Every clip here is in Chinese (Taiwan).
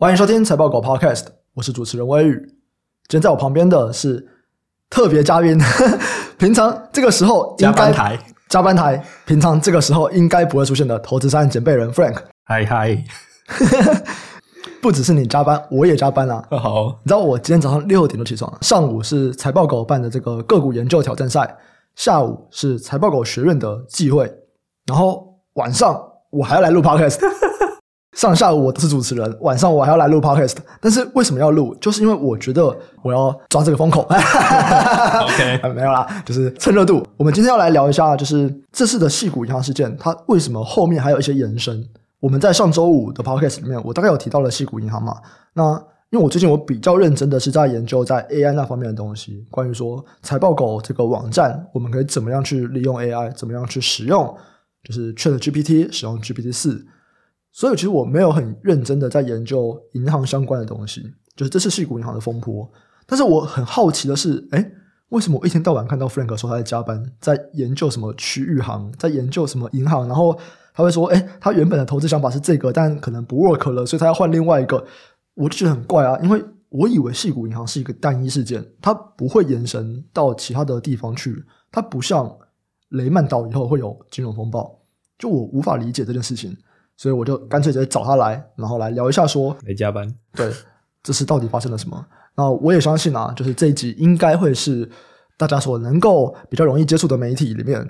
歡迎收聽財報狗 Podcast，我是主持人威宇。今天在我旁邊的是特別嘉賓，平常這個時候應該加班台加班台，平常這個時候應該不會出現的投資沙岸揀貝人 Frank。嗨嗨， 不只是你加班，我也加班啊。哦、好、哦，你知道我今天早上六點就起床了，上午是財報狗辦的這個個股研究挑戰賽，下午是財報狗學院的聚會，然後晚上我還要來錄 Podcast。 上下午我都是主持人，晚上我還要來錄 podcast。但是為什麼要錄？就是因為我覺得我要抓這個風口。 OK，沒有啦，就是蹭熱度。我們今天要來聊一下，就是這次的矽谷銀行事件，它為什麼後面還有一些延伸？我們在上周五的 podcast 裡面，我大概有提到了矽谷銀行嘛。那因為我最近我比較認真的是在研究在 AI 那方面的東西，關於說財報狗這個網站，我們可以怎麼樣去利用 AI，怎麼樣去使用，就是 Chat GPT 使用 GPT 四。所以其實我沒有很認真的在研究銀行相關的東西，就是這是矽谷銀行的風波。但是我很好奇的是，哎，為什麼我一天到晚看到 Frank 說他在加班，在研究什麼區域行，在研究什麼銀行，然後他會說，哎，他原本的投資想法是這個，但可能不 work 了，所以他要換另外一個。我就覺得很怪啊，因為我以為矽谷銀行是一個單一事件，它不會延伸到其他的地方去，它不像雷曼倒以後會有金融風暴，就我無法理解這件事情。所以我就乾脆直接找他來，然後來聊一下說，說沒加班。對，這次到底發生了什麼？那我也相信啊，就是這一集應該會是大家所能夠比較容易接觸的媒體裡面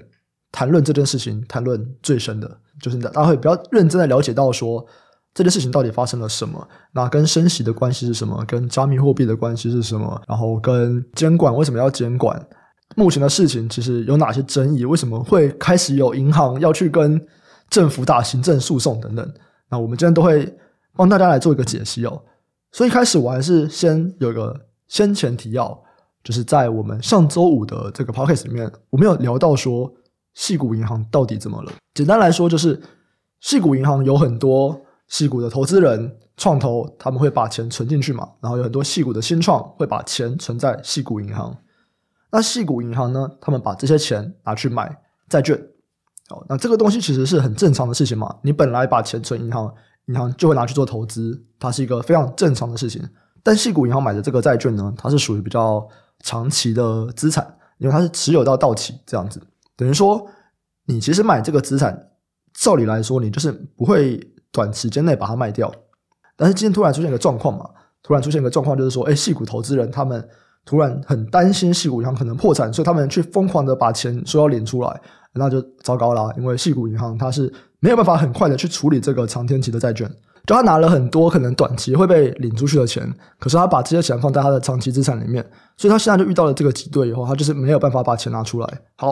談論這件事情談論最深的，就是大家會比較認真的了解到說這件事情到底發生了什麼，那跟升息的關係是什麼，跟加密貨幣的關係是什麼，然後跟監管為什麼要監管，目前的事情其實有哪些爭議，為什麼會開始有銀行要去跟。政府打行政訴訟等等，那我們今天都會幫大家來做一個解析哦。所以一開始我還是先有一個先前提要，就是在我們上周五的這個 podcast 裡面，我們有聊到說矽谷銀行到底怎麼了。簡單來說，就是矽谷銀行有很多矽谷的投資人、創投，他們會把錢存進去嘛，然後有很多矽谷的新創會把錢存在矽谷銀行。那矽谷銀行呢，他們把這些錢拿去買債券。好，那這個東西其實是很正常的事情嘛，你本來把錢存銀行，銀行就會拿去做投資，它是一個非常正常的事情。但矽谷銀行買的這個債券呢，它是屬於比較長期的資產，因為它是持有到到期這樣子。等於說，你其實買這個資產，照理來說你就是不會短時間內把它賣掉。但是今天突然出現一個狀況嘛，突然出現一個狀況就是說，哎、欸，矽谷投資人他們突然很擔心矽谷銀行可能破產，所以他們去瘋狂的把錢說要領出來。那就糟糕了，因為矽谷銀行它是沒有辦法很快的去處理這個長天期的債券，就他拿了很多可能短期會被領出去的錢，可是他把這些錢放在他的長期資產裡面，所以他現在就遇到了這個擠兌以後，他就是沒有辦法把錢拿出來。好，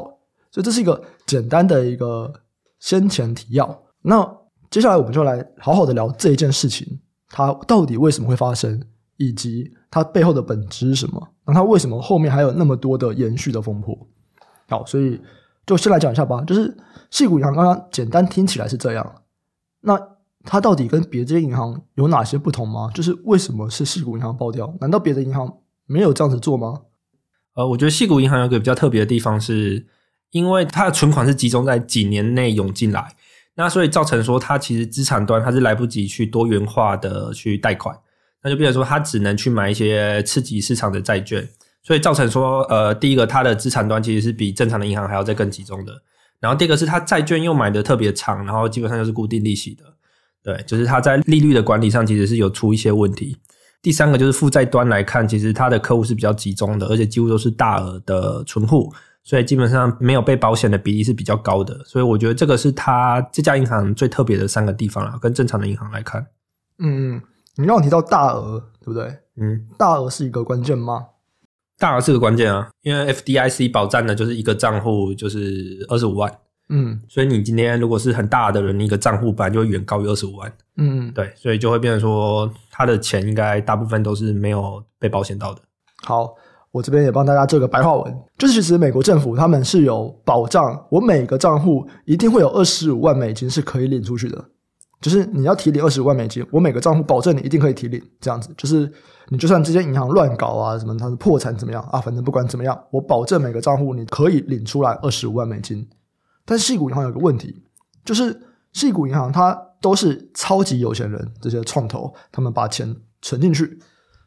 所以這是一個簡單的一個先前提要。那接下來我們就來好好的聊這一件事情，它到底為什麼會發生，以及它背後的本質是什麼？那它為什麼後面還有那麼多的延續的風波？好，所以。就先來講一下吧，就是矽谷銀行剛剛簡單聽起來是這樣，那它到底跟別的銀行有哪些不同嗎？就是為什麼是矽谷銀行爆掉？難道別的銀行沒有這樣子做嗎？呃，我覺得矽谷銀行有一個比較特別的地方，是因為它的存款是集中在幾年內湧進來，那所以造成說它其實資產端它是來不及去多元化的去貸款，那就變成說它只能去買一些刺激市場的債券。所以造成說，呃，第一個它的資產端其實是比正常的銀行還要再更集中的，然後第二個是它債券又買的特別長，然後基本上就是固定利息的，對，就是它在利率的管理上其實是有出一些問題。第三個就是負債端來看，其實它的客戶是比較集中的，而且幾乎都是大額的存戶，所以基本上沒有被保險的比例是比較高的。所以我覺得這個是它這家銀行最特別的三個地方啊，跟正常的銀行來看。嗯嗯，你剛剛提到大額，對不對？嗯，大額是一個關鍵嗎？大額是個關鍵啊，因為 FDIC 保障的就是一個賬戶就是二十五萬，嗯，所以你今天如果是很大的人，一個賬戶本來就會遠高於二十五萬，嗯，對，所以就會變成說他的錢應該大部分都是沒有被保險到的。好，我這邊也幫大家做個白話文，就是其實美國政府他們是有保障，我每個賬戶一定會有二十五萬美金是可以領出去的，就是你要提領二十五萬美金，我每個賬戶保證你一定可以提領，這樣子就是。你就算這些銀行亂搞啊，什麼它是破產怎麼樣啊，反正不管怎麼樣，我保證每個賬戶你可以領出來二十五萬美金。但矽谷銀行有個問題，就是矽谷銀行它都是超級有錢人，這些創投他們把錢存進去，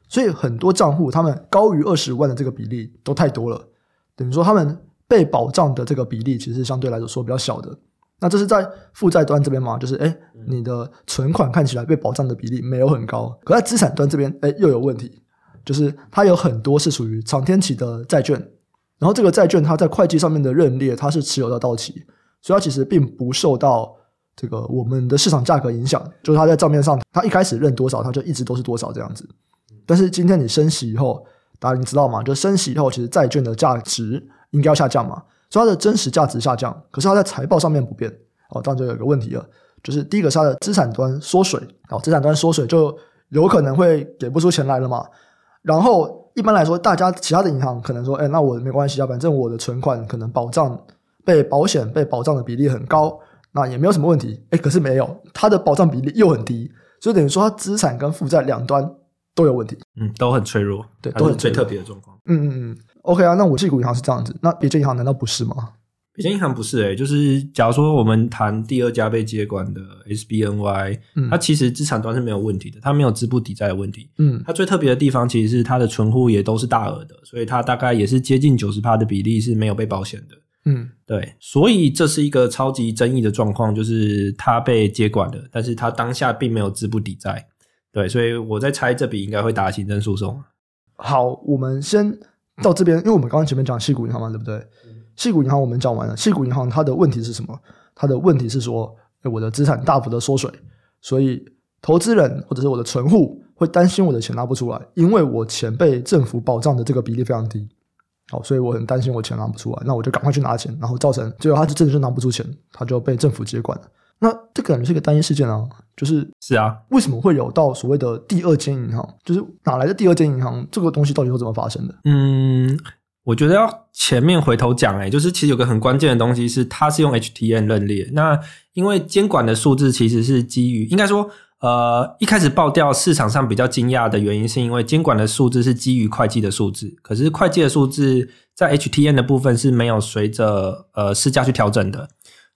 所以很多賬戶他們高於二十萬的這個比例都太多了，等於說他們被保障的這個比例其實相對來說說比較小的。那這是在負債端這邊嘛，就是哎，你的存款看起來被保障的比例沒有很高，可在資產端這邊哎又有問題，就是它有很多是屬於長天期的債券，然後這個債券它在會計上面的認列，它是持有到到期，所以它其實並不受到這個我們的市場價格影響，就是它在賬面上它一開始認多少，它就一直都是多少這樣子。但是今天你升息以後，大家你知道嗎？就升息以後，其實債券的價值應該要下降嘛。所以它的真實價值下降，可是它在財報上面不變。哦，當然就有一個問題了，就是第一個，是它的資產端縮水，啊、哦，資產端縮水就有可能會給不出錢來了嘛。然後一般來說，大家其他的銀行可能說，哎，那我沒關係啊，反正我的存款可能保障被保險被保障的比例很高，那也沒有什麼問題。哎，可是沒有，它的保障比例又很低，所以等於說它資產跟負債兩端都有問題，嗯，都很脆弱，對，都很脆弱，最特別的狀況，嗯嗯嗯。嗯 OK 啊，那我這一股銀行是這樣子，那別的銀行難道不是嗎？別的銀行不是、欸、就是假如說我們談第二家被接管的 SBNY，嗯，它其實資產端是沒有問題的，它沒有資不抵債的問題，嗯，它最特別的地方其實是它的存戶也都是大額的，所以它大概也是接近九十趴的比例是沒有被保險的，嗯，對，所以這是一個超級爭議的狀況，就是它被接管了，但是它當下並沒有資不抵債，對，所以我在猜這筆應該會打行政訴訟。好，我們先。到這邊，因為我們剛剛前面講矽谷銀行嘛，對不對？矽谷銀行我們講完了，矽谷銀行它的問題是什麼？它的問題是說，欸，我的資產大幅的縮水，所以投資人或者是我的存戶會擔心我的錢拿不出來，因為我錢被政府保障的這個比例非常低，好，所以我很擔心我錢拿不出來，那我就趕快去拿錢，然後造成最後他就真的拿不出錢，他就被政府接管了。那這個感覺是一個單一事件啊，就是是啊，為什麼會有到所謂的第二間銀行？就是哪來的第二間銀行？這個東西到底是怎麼發生的？嗯，我覺得要前面回頭講誒、欸、就是其實有個很關鍵的東西是，它是用 HTM 認列。那因為監管的數字其實是基於，應該說呃，一開始爆掉市場上比較驚訝的原因，是因為監管的數字是基於會計的數字，可是會計的數字在 HTM 的部分是沒有隨着呃市價去調整的。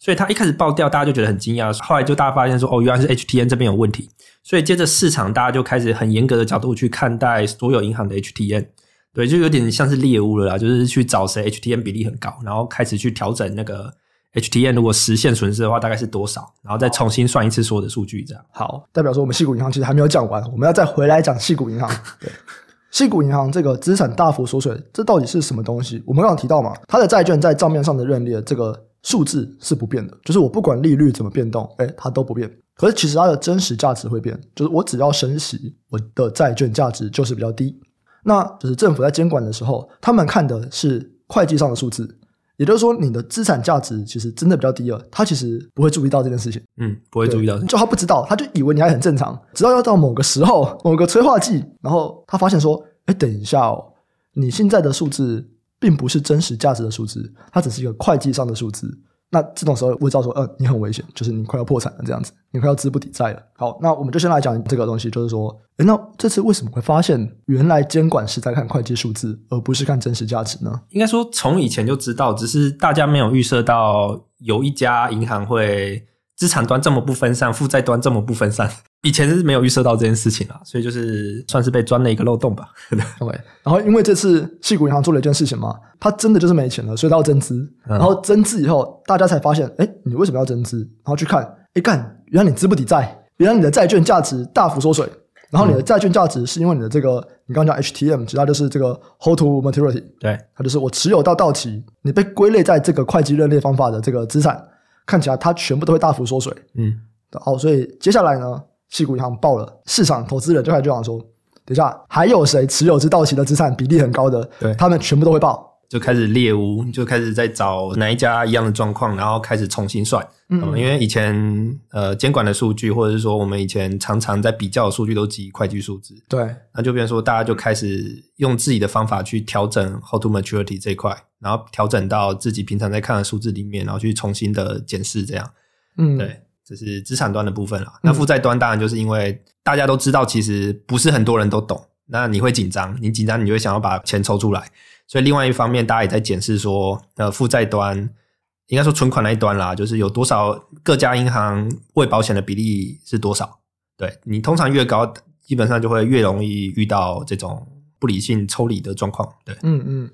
所以它一開始爆掉，大家就覺得很驚訝。後來就大家發現說，哦，原來是 HTM 這邊有問題。所以接着市場大家就開始很嚴格的角度去看待所有銀行的 HTM，對，就有點像是獵巫了啦，就是去找誰 HTM 比例很高，然後開始去調整那個 HTM，如果實現損失的話大概是多少，然後再重新算一次所有的數據這樣。好，代表說我們矽谷銀行其實還沒有講完，我們要再回來講矽谷銀行。對，矽 谷銀行這個資產大幅縮水，這到底是什麼東西？我們剛剛提到嘛，它的債券在賬面上的認列這個。數字是不變的，就是我不管利率怎麼變動，欸，它都不變。可是其實它的真實價值會變，就是我只要升息，我的債券價值就是比較低。那就是政府在監管的時候，他們看的是會計上的數字，也就是說你的資產價值其實真的比較低了，他其實不會注意到這件事情。嗯，不會注意到，就他不知道，他就以為你還很正常。直到要到某個時候，某個催化劑，然後他發現說：“欸，等一下哦，你現在的數字。”並不是真實價值的數字，它只是一個會計上的數字。那這種時候會知道說，嗯、呃，你很危險，就是你快要破產了，這樣子，你快要資不抵債了。好，那我們就先來講這個東西，就是說誒，那這次為什麼會發現原來監管是在看會計數字，而不是看真實價值呢？應該說從以前就知道，只是大家沒有預設到有一家銀行會資產端這麼不分散，負債端這麼不分散。以前是沒有預設到這件事情啊，所以就是算是被鑽了一個漏洞吧。 OK，然後因為這次硅谷銀行做了一件事情嘛，它真的就是沒錢了，所以它要增資。然後增資以後、嗯，大家才發現，哎，你為什麼要增資？然後去看，哎幹，原來你資不抵債，原來你的債券價值大幅縮水。然後你的債券價值是因為你的這個，你剛剛講 H T M，其他就是這個 hold to maturity，對，它就是我持有到到期，你被歸類在這個會計認列方法的這個資產，看起來它全部都會大幅縮水。嗯，好，所以接下來呢？矽谷銀行爆了，市場投資人就開始就想說：“等一下還有誰持有至到期的資產比例很高的？對，他們全部都會爆。”就開始獵巫，就開始在找哪一家一樣的狀況，然後開始重新算。嗯，嗯，嗯，因為以前呃監管的數據，或者是說我們以前常常在比較的數據，都基於會計數字。對，那就變成說大家就開始用自己的方法去調整 hold to maturity 這一塊，然後調整到自己平常在看的數字裡面，然後去重新的檢視這樣。嗯，對。這是資產端的部分啦，那負債端當然就是因為大家都知道，其實不是很多人都懂，那你會緊張，你緊張，你就會想要把錢抽出來。所以另外一方面，大家也在檢視說，呃，負債端應該說存款那一端啦，就是有多少各家銀行未保險的比例是多少？對，你通常越高，基本上就會越容易遇到這種不理性抽離的狀況。對，嗯嗯。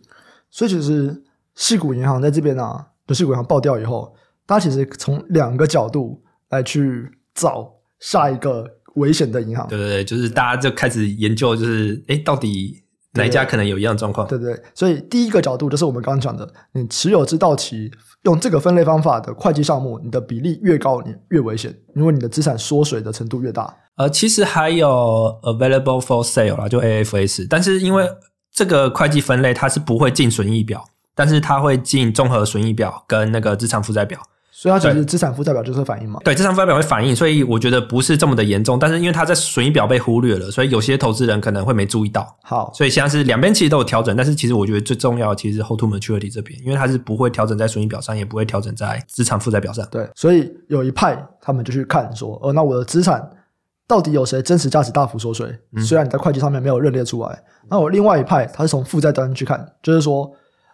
所以其實矽谷銀行在這邊呢、啊，就矽谷銀行爆掉以後，大家其實從兩個角度。來去找下一個危險的銀行，對對對，就是大家就開始研究，就是誒，到底哪一家可能有一樣的狀況？對，對對，所以第一個角度就是我們剛剛講的，你持有至到期用這個分類方法的會計項目，你的比例越高，你越危險，因為你的資產縮水的程度越大。呃，其實還有 available for sale 啦，就 AFS，但是因為這個會計分類它是不會進損益表，但是它會進綜合損益表跟那個資產負債表。所以它只是資產負債表就是反映嘛，對，對資產負債表會反映，所以我覺得不是這麼的嚴重。但是因為它在損益表被忽略了，所以有些投資人可能會沒注意到。好，所以現在是兩邊其實都有調整，但是其實我覺得最重要的其實是 hold to maturity 這邊，因為它是不會調整在損益表上，也不會調整在資產負債表上。對，所以有一派他們就去看說，呃，那我的資產到底有誰真實價值大幅縮水，嗯，雖然你在會計上面沒有認列出來，那我另外一派他是從負債端去看，就是說，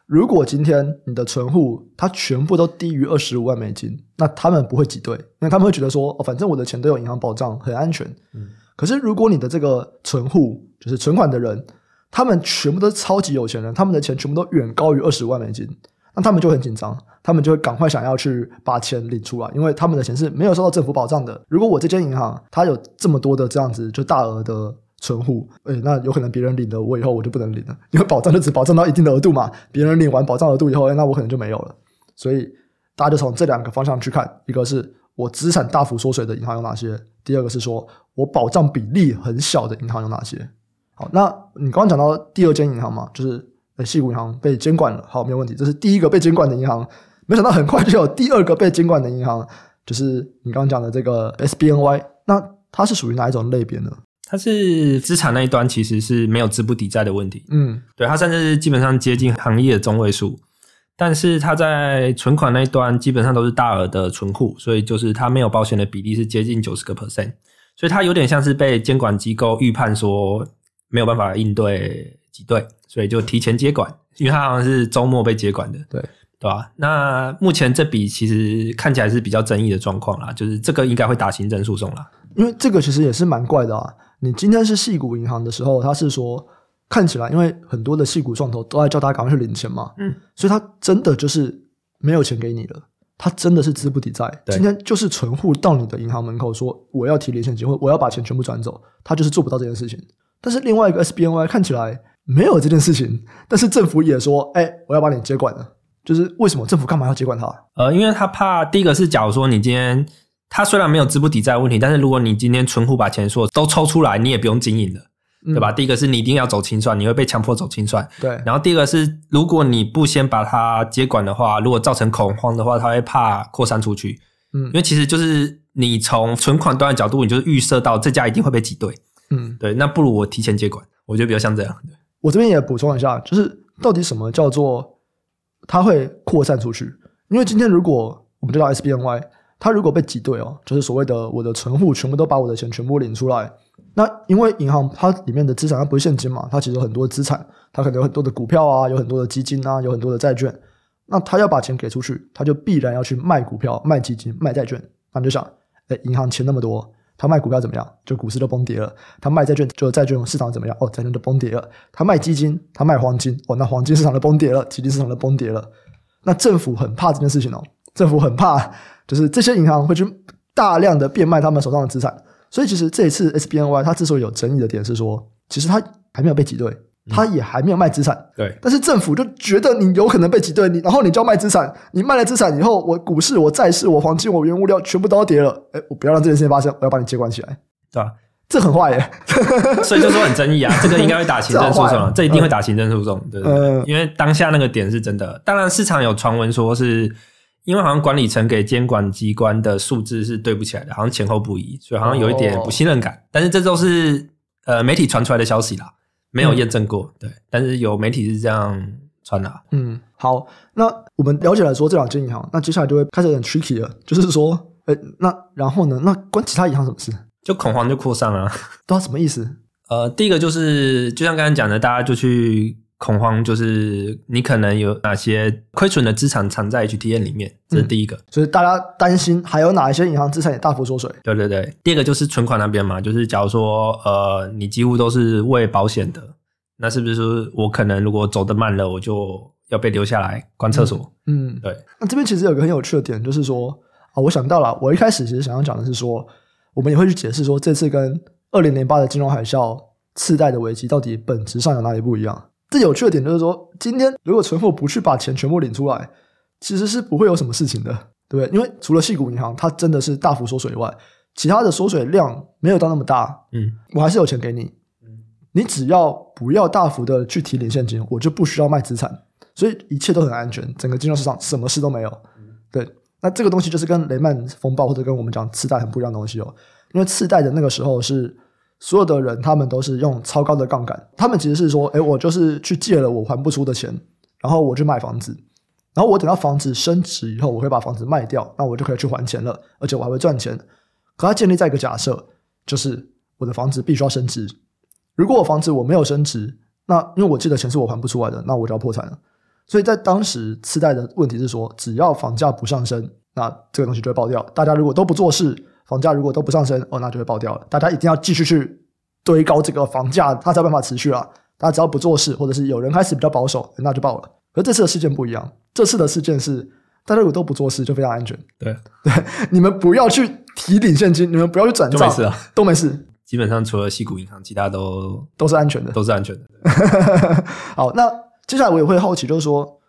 如果今天你的存戶他全部都低於二十五萬美金，那他們不會擠兌，因為他們會覺得說，哦，反正我的錢都有銀行保障，很安全。嗯，可是如果你的這個存戶就是存款的人，他們全部都超級有錢人，他們的錢全部都遠高於二十萬美金，那他們就很緊張，他們就會趕快想要去把錢領出來，因為他們的錢是沒有受到政府保障的。如果我這間銀行它有這麼多的這樣子就大額的。存戶，哎，那有可能別人領了我以後我就不能領了，因為保障就只保障到一定的額度嘛。別人領完保障額度以後，誒那我可能就沒有了。所以大家就從這兩個方向去看：一個是我資產大幅縮水的銀行有哪些；第二個是說我保障比例很小的銀行有哪些。好，那你剛剛講到第二間銀行嘛，就是呃矽谷銀行被監管了。好，沒有問題，這是第一個被監管的銀行。沒想到很快就有第二個被監管的銀行，就是你剛剛講的這個 SBNY。那它是屬於哪一種類別呢？它是資產那一端其實是沒有資不抵債的問題，嗯，對，它甚至基本上接近行業的中位數，但是它在存款那一端基本上都是大額的存戶，所以就是它沒有保險的比例是接近九十個 percent，所以它有點像是被監管機構預判說沒有辦法應對擠兌，所以就提前接管，因為它好像是周末被接管的，對，對吧？那目前這筆其實看起來是比較爭議的狀況啦，就是這個應該會打行政訴訟啦，因為這個其實也是蠻怪的啊。你今天是矽谷銀行的時候，他是說看起來，因為很多的矽谷創投都在叫他趕快去領錢嘛，嗯，所以他真的就是沒有錢給你了，他真的是資不抵債。今天就是存戶到你的銀行門口說我要提領現金或，我要把錢全部轉走，他就是做不到這件事情。但是另外一個 SBNY 看起來沒有這件事情，但是政府也說，哎、欸，我要把你接管了。就是為什麼政府幹嘛要接管他？呃，因為他怕第一個是假如說你今天。它雖然沒有資不抵債問題，但是如果你今天存戶把錢說都抽出來，你也不用經營了，嗯，對吧？第一個是你一定要走清算，你會被強迫走清算。對。然後第二個是，如果你不先把它接管的話，如果造成恐慌的話，它會怕擴散出去。嗯。因為其實就是你從存款端的角度，你就預設到這家一定會被擠兌。嗯。對，那不如我提前接管，我覺得比較像這樣。對。我這邊也補充一下，就是到底什麼叫做它會擴散出去？因為今天如果我們就到 SBNY。他如果被擠兌哦，就是所謂的我的存戶全部都把我的錢全部領出來，那因為銀行它裡面的資產它不是現金嘛，它其實有很多的資產，它可能有很多的股票啊，有很多的基金啊，有很多的債券，那他要把錢給出去，他就必然要去賣股票、賣基金、賣債券。那你就想，哎，銀行錢那麼多，他賣股票怎麼樣？就股市都崩跌了；他賣債券，就債券市場怎麼樣？哦，債券就崩跌了；他賣基金，他賣黃金，哦，那黃金市場就崩跌了，基金市場就崩跌了。那政府很怕這件事情哦，政府很怕。就是這些銀行會去大量的變賣他們手上的資產，所以其實這一次 SBNY 他之所以有爭議的點是說，其實他還沒有被擠兌，他也還沒有賣資產。對，但是政府就覺得你有可能被擠兌，你然後你就要賣資產，你賣了資產以後，我股市、我債市、我黃金、我原物料全部都要跌了，欸，誒，我不要讓這件事情發生，我要把你接管起來。對啊，這很壞耶， 所以就說很爭議啊，這個應該會打行政訴訟， 這一定會打行政訴訟，對對、對、嗯，因為當下那個點是真的。當然市場有傳聞說是。因為好像管理層給監管機關的數字是對不起來的，好像前後不一，所以好像有一點不信任感。哦、但是這都是呃媒體傳出來的消息啦，沒有驗證過，嗯。對，但是有媒體是這樣傳達。嗯，好，那我們了解了說這兩間銀行，那接下來就會開始有點 tricky 了，就是說，哎、欸，那然後呢？那關其他銀行什麼事？就恐慌就擴散了，啊。到底什麼意思？呃，第一個就是就像剛才講的，大家就去。恐慌就是你可能有哪些虧損的資產藏在 HTM 裡面、嗯，這是第一個，所以大家擔心還有哪一些銀行資產也大幅縮水。對對對，第二個就是存款那邊嘛，就是假如說呃，你幾乎都是為保險的，那是不是說我可能如果走得慢了，我就要被留下來關廁所嗯？嗯，對。那這邊其實有個很有趣的點，就是說啊，我想到了，我一開始其實想要講的是說，我們也會去解釋說，這次跟二零零八的金融海嘯次貸的危機到底本質上有哪裡不一樣？最有趣的點就是說，今天如果存戶不去把錢全部領出來，其實是不會有什麼事情的，對不對？因為除了矽谷銀行它真的是大幅縮水以外，其他的縮水量沒有到那麼大。嗯，我還是有錢給你。嗯，你只要不要大幅的去提領現金，我就不需要賣資產，所以一切都很安全。整個金融市場什麼事都沒有，嗯。對，那這個東西就是跟雷曼風暴或者跟我們講次貸很不一樣的東西哦。因為次貸的那個時候是。所有的人，他們都是用超高的槓桿，他們其實是說，誒，我就是去借了我還不出的錢，然後我去買房子，然後我等到房子升值以後，我會把房子賣掉，那我就可以去還錢了，而且我還會賺錢。可它建立在一個假設，就是我的房子必須要升值。如果我房子我沒有升值，那因為我借的錢是我還不出來的，那我就要破產了。所以在當時，次貸的問題是說，只要房價不上升，那這個東西就會爆掉。大家如果都不做事，房價如果都不上升，哦，那就會爆掉了。大家一定要繼續去堆高這個房價，它才有辦法持續啊。大家只要不做事，或者是有人開始比較保守，那就爆了。可是這次的事件不一樣，這次的事件是大家如果都不做事，就非常安全。對對，你們不要去提領現金，你們不要去轉帳，就沒事啊，都沒事。基本上除了矽谷銀行，其他都都是安全的，都是安全的。 好，那接下來我也會好奇，就是說，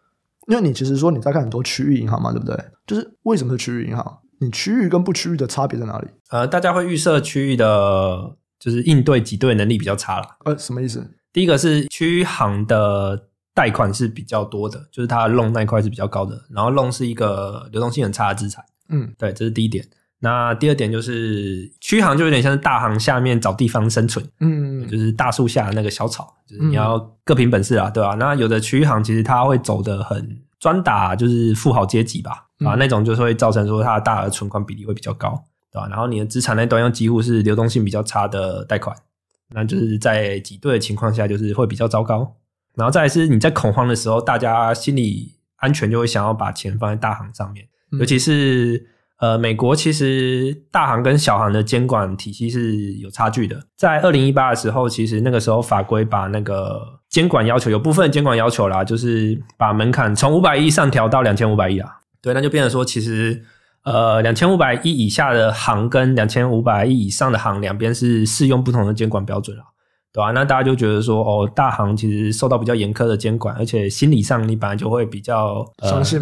因為你其實說你在看很多區域銀行嘛，對不對？就是為什麼是區域銀行？你區域跟不區域的差別在哪裡？呃，大家會預設區域的，就是應對擠兌能力比較差啦。呃，什麼意思？第一個是區域行的貸款是比較多的，就是它的 loan 那一塊是比較高的，然後 loan 是一個流動性很差的資產。嗯，對，這是第一點。那第二點就是區域行就有點像是大行下面找地方生存，嗯，嗯，嗯，就是大樹下的那個小草，就是你要各憑本事啊，對吧，啊？那有的區域行其實它會走得很。專打就是富豪階級吧、嗯，啊，那種就是會造成說它的大額存款比例會比較高，對吧、啊？然後你的資產那端又幾乎是流動性比較差的貸款，那就是在擠兌的情況下，就是會比較糟糕。然後再來是，你在恐慌的時候，大家心裡安全就會想要把錢放在大行上面，嗯、尤其是呃，美國其實大行跟小行的監管體系是有差距的。在二零一八的時候，其實那個時候法規把那個。監管要求，有部分監管要求啦，就是把門檻從五百億上調到兩千五百億啊。對，那就變成說，其實呃，兩千五百億以下的行跟兩千五百億以上的行，兩邊是適用不同的監管標準了。對啊，那大家就覺得說，哦，大行其實受到比較嚴苛的監管，而且心理上你本來就會比較、呃、相信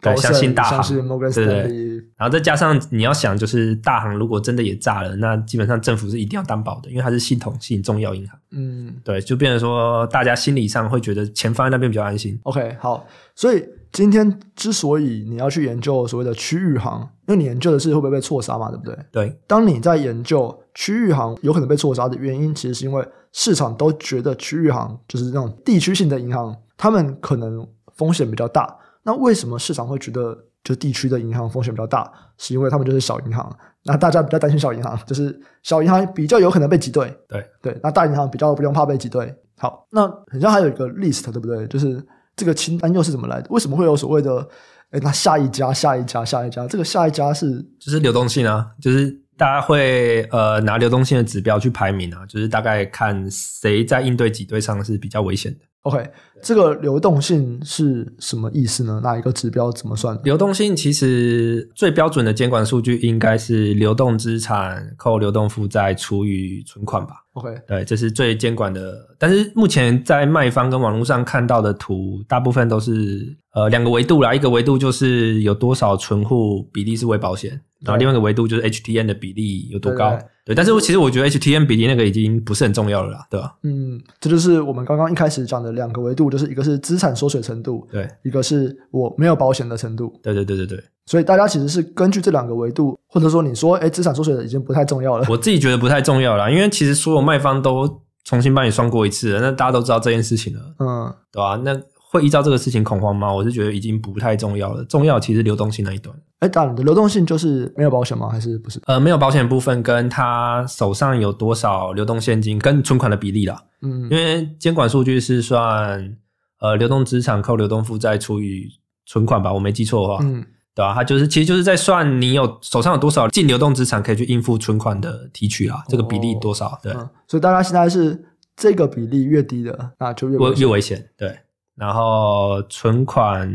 高，相信大行，相信對，對。然後再加上你要想，就是大行如果真的也炸了，那基本上政府是一定要擔保的，因為它是系統性重要銀行。嗯，對，就變成說大家心理上會覺得錢放在那邊比較安心。OK，好。所以今天之所以你要去研究所謂的區域行，因為你研究的是會不會被錯殺嘛，對不對？對。當你在研究區域行有可能被錯殺的原因，其實是因為。市場都覺得區域行就是那種地區性的銀行，他們可能風險比較大。那為什麼市場會覺得就地區的銀行風險比較大？是因為他們就是小銀行，那大家比較擔心小銀行，就是小銀行比較有可能被擠兌。對對，那大銀行比較不用怕被擠兌。好，那好像還有一個 list，對不對？就是這個清單又是怎麼來的？為什麼會有所謂的？哎，那下一家，下一家，下一家，這個下一家是，就是流動性啊，就是。大家會呃拿流動性的指標去排名啊，就是大概看誰在應對擠兌上是比較危險的。OK，這個流動性是什麼意思呢？哪一個指標怎麼算？流動性其實最標準的監管數據應該是流動資產扣流動負債除以存款吧。OK，對，這是最監管的。但是目前在賣方跟網絡上看到的圖，大部分都是呃兩個維度啦，一個維度就是有多少存戶比例是未保險。然後另外一個維度就是 HTM 的比例有多高，對，對，對，但是我其實我覺得 HTM 比例那個已經不是很重要了啦，對吧、啊？嗯，這就是我們剛剛一開始講的兩個維度，就是一個是資產縮水程度，對，一個是我沒有保險的程度，對對對對對。所以大家其實是根據這兩個維度，或者說你說，哎，資產縮水的已經不太重要了，我自己覺得不太重要了，因為其實所有賣方都重新幫你算過一次了，那大家都知道這件事情了，嗯，對吧、啊？那。會依照這個事情恐慌嗎？我是覺得已經不太重要了，重要其實流動性那一端。誒當然的流動性就是沒有保險嗎？還是不是？呃，沒有保險的部分跟他手上有多少流動現金跟存款的比例啦。嗯，因為監管數據是算呃流動資產扣流動負債除以存款吧，我沒記錯的話。嗯，對吧、啊？他就是其實就是在算你有手上有多少淨流動資產可以去應付存款的提取啊、哦。這個比例多少？對、嗯，所以大家現在是這個比例越低的，那就越危險越,越危險。對。然後存款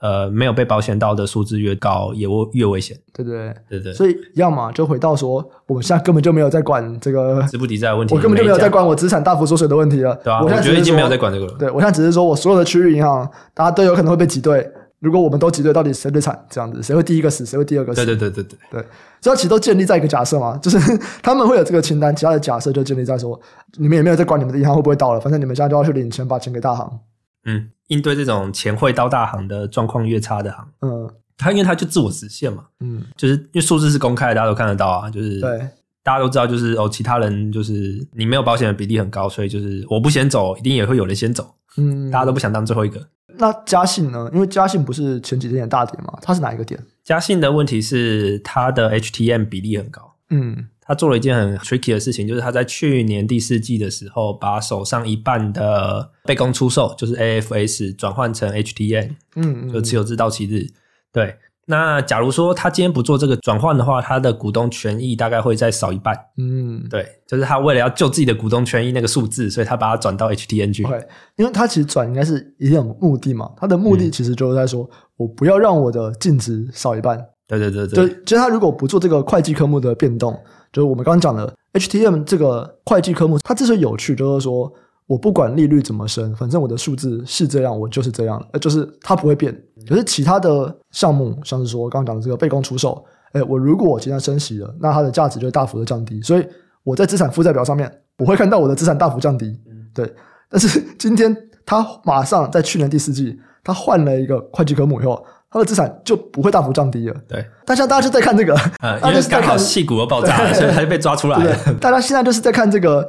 呃沒有被保險到的數字越高也越，越危險，對對？對對。所以要麼就回到說，我們現在根本就沒有在管這個資不抵債的問題，我根本就沒有在管我資產大幅縮水的問題了。對啊，我現在實在是說，我覺得已經沒有在管這個了。對我現在只是說我所有的區域銀行，大家都有可能會被擠兌。如果我們都擠兌，到底誰最慘？這樣子誰會第一個死？誰會第二個死？對對對對對。對，這樣其實都建立在一個假設嘛，就是他們會有這個清單。其他的假設就建立在說，你們也沒有在管你們的銀行會不會倒了，反正你們現在就要去領錢，把錢給大行。嗯，應對這種錢匯到大行的狀況越差的行，嗯，它，因為它就自我實現嘛，嗯，就是因為數字是公開的，大家都看得到啊，就是對，大家都知道，就是哦，其他人就是你沒有保險的比例很高，所以就是我不先走，一定也會有人先走，嗯，大家都不想當最後一個。那嘉信呢？因為嘉信不是前幾天的大跌嘛？它是哪一個點？嘉信的問題是它的 H T M 比例很高，嗯。他做了一件很 tricky 的事情，就是他在去年第四季的時候，把手上一半的備供出售，就是 AFS 轉換成 HTM，嗯，嗯，就持有至到期日。對，那假如說他今天不做這個轉換的話，他的股東權益大概會再少一半。嗯，對，就是他為了要救自己的股東權益那個數字，所以他把它轉到 HTM 去。對、okay，因為他其實轉應該是也有目的嘛，他的目的其實就是在說、嗯、我不要讓我的淨值少一半。對對對，對就，就其實他如果不做這個會計科目的變動，就是我們剛剛講的 H T M 這個會計科目，它之所以有趣，就是說我不管利率怎麼升，反正我的數字是這樣，我就是這樣，呃，就是它不會變。可，就是其他的項目，像是說剛剛講的這個備供出售，哎，我如果我今天升息了，那它的價值就會大幅的降低，所以我在資產負債表上面不會看到我的資產大幅降低。對，但是今天他馬上在去年第四季，他換了一個會計科目以後。他的資產就不會大幅降低了。對，但像大家就在看這個，呃、嗯，因為剛好矽谷又爆炸了，所以他就被抓出來了。對對對，大家現在就是在看這個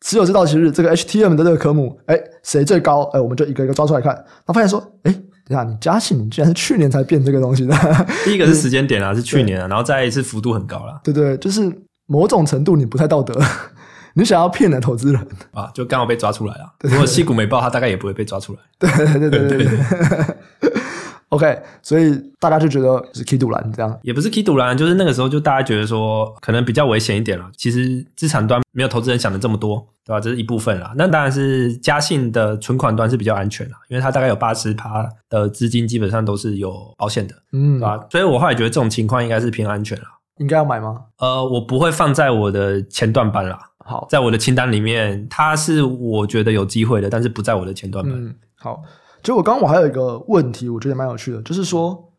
持有至到期日這個 H T M 的這個科目，哎、欸，誰最高？哎、欸，我們就一個一個抓出來看。他發現說，哎、欸，等下你嘉信，你居然是去年才變這個東西的、嗯。第一個是時間點啊是去年啊，然後再一次幅度很高了。對，對對，就是某種程度你不太道德，你想要騙你的投資人啊，就剛好被抓出來了。對對對對對，如果矽谷沒爆，他大概也不會被抓出來。對對對對，對。 OK，所以大家就覺得是 K 獨藍這樣，也不是 K 獨藍。就是那個時候就大家覺得說可能比較危險一點了。其實資產端沒有投資人想的這麼多，對吧、啊？這是一部分啦。那當然是嘉信的存款端是比較安全啦，因為它大概有八十趴的資金基本上都是有保險的，嗯，對吧、啊？所以我後來覺得這種情況應該是偏安全了。應該要買嗎？呃，我不會放在我的前段班啦。好，在我的清單裡面，它是我覺得有機會的，但是不在我的前段班。嗯、好。結果，剛剛我還有一個問題，我覺得蠻有趣的，就是說，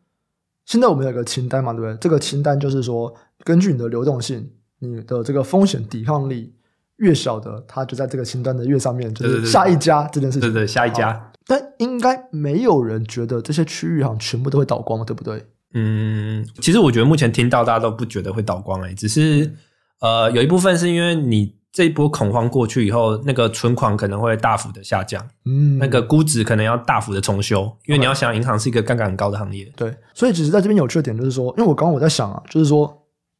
現在我們有一個清單嘛，對不對？這個清單就是說，根據你的流動性，你的這個風險抵抗力越小的，它就在這個清單的越上面，就是下一家這件事情對對對。對對，下一家。但應該沒有人覺得這些區域好像全部都會倒光，對不對？嗯，其實我覺得目前聽到大家都不覺得會倒光哎、欸，只是、嗯、呃，有一部分是因為你。這一波恐慌過去以後，那個存款可能會大幅的下降，嗯，那個估值可能要大幅的重修，嗯、因為你要想銀行是一個槓桿很高的行業，對，所以只是在這邊有趣的點就是說，因為我剛剛我在想啊，就是說，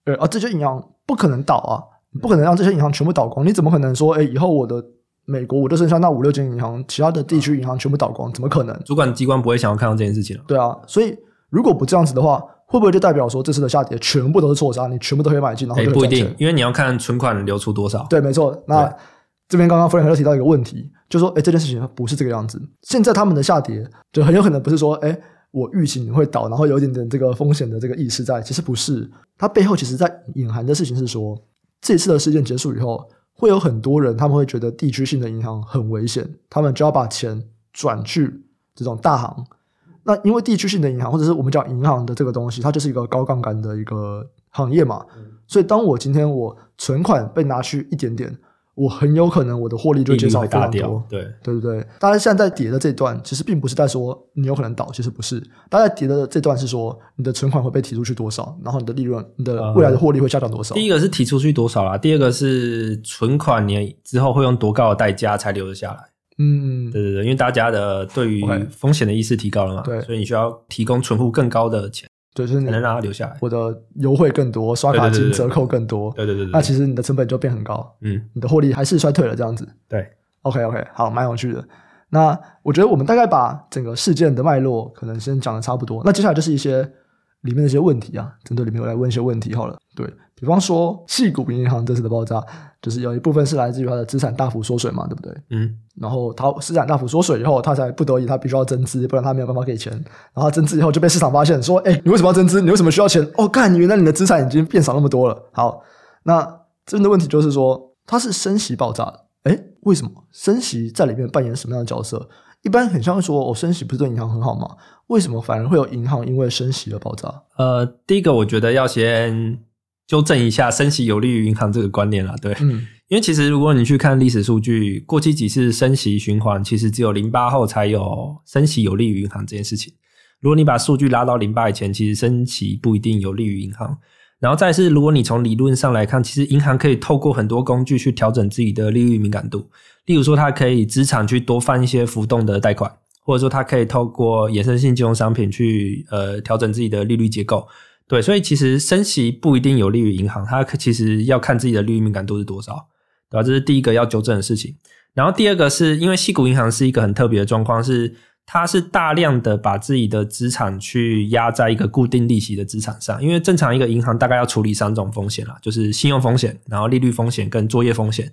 呃、欸、啊這些銀行不可能倒啊，不可能讓這些銀行全部倒光，你怎麼可能說，哎、欸、以後我的美國我就剩下那五六間銀行，其他的地區銀行全部倒光，怎麼可能？主管機關不會想要看到這件事情了、啊、對啊，所以如果不這樣子的話。會不會就代表說這次的下跌全部都是錯殺、啊？你全部都可以買進？也、欸、不一定，因為你要看存款流出多少。對，沒錯。那這邊剛剛弗蘭克又提到一個問題，就說：“哎、欸，這件事情不是這個樣子。現在他們的下跌，就很有可能不是說，哎、欸，我預警會倒，然後有一點點這個風險的這個意識在。其實不是，它背後其實，在隱含的事情是說，這次的事件結束以後，會有很多人，他們會覺得地區性的銀行很危險，他們就要把錢轉去這種大行。”那因為地區性的銀行，或者是我們講銀行的這個東西，它就是一個高槓桿的一個行業嘛、嗯，所以當我今天我存款被拿去一點點，我很有可能我的獲利就減少非常多。大掉對，對不對？大家現在在跌的這段，其實並不是在說你有可能倒，其實不是，大家跌的這段是說你的存款會被提出去多少，然後你的利潤、你的未來的獲利會下降多少。嗯、第一個是提出去多少啦，第二個是存款你之後會用多高的代價才留得下來。嗯，對對對，因為大家的對於風險的意識提高了嘛，okay. 對，所以你需要提供存戶更高的錢，對，你能讓他留下來。對就是、我的優惠更多，刷卡金折扣更多，對對對，對，對，對，對，對，對對對，那其實你的成本就變很高，嗯，你的獲利還是衰退了這樣子。對，OK OK，好，蠻有趣的。那我覺得我們大概把整個事件的脈絡可能先講的差不多，那接下來就是一些裡面的一些問題啊，針對裡面我來問一些問題好了。對，比方說，矽谷銀行這次的爆炸。就是有一部分是來自於它的資產大幅縮水嘛，對不對？嗯，然後它市場大幅縮水以後，它才不得已，它必須要增資，不然它沒有辦法給錢。然後他增資以後就被市場發現，說，哎，你為什麼要增資？你為什麼需要錢？哦，幹，原來你的資產已經變少那麼多了。好，那這邊的問題就是說，它是升息爆炸。哎，為什麼升息在裡面扮演什麼樣的角色？一般很像說，我、哦、升息不是對銀行很好嗎？為什麼反而會有銀行因為升息而爆炸？呃，第一個我覺得要先。糾正一下，升息有利於銀行這個觀念啦，對、嗯，因為其實如果你去看歷史數據，過去幾次升息循環，其實只有零八後才有升息有利於銀行這件事情。如果你把數據拉到零八以前，其實升息不一定有利於銀行。然後再來是，如果你從理論上來看，其實銀行可以透過很多工具去調整自己的利率敏感度，例如說它可以資產去多放一些浮動的貸款，或者說它可以透過衍生性金融商品去呃調整自己的利率結構。對，所以其實升息不一定有利於銀行，它其實要看自己的利率敏感度是多少，對吧、啊？這是第一個要糾正的事情。然後第二個是因為矽谷銀行是一個很特別的狀況，是它是大量的把自己的資產去壓在一個固定利息的資產上，因為正常一個銀行大概要處理三種風險啦，就是信用風險、然後利率風險跟作業風險。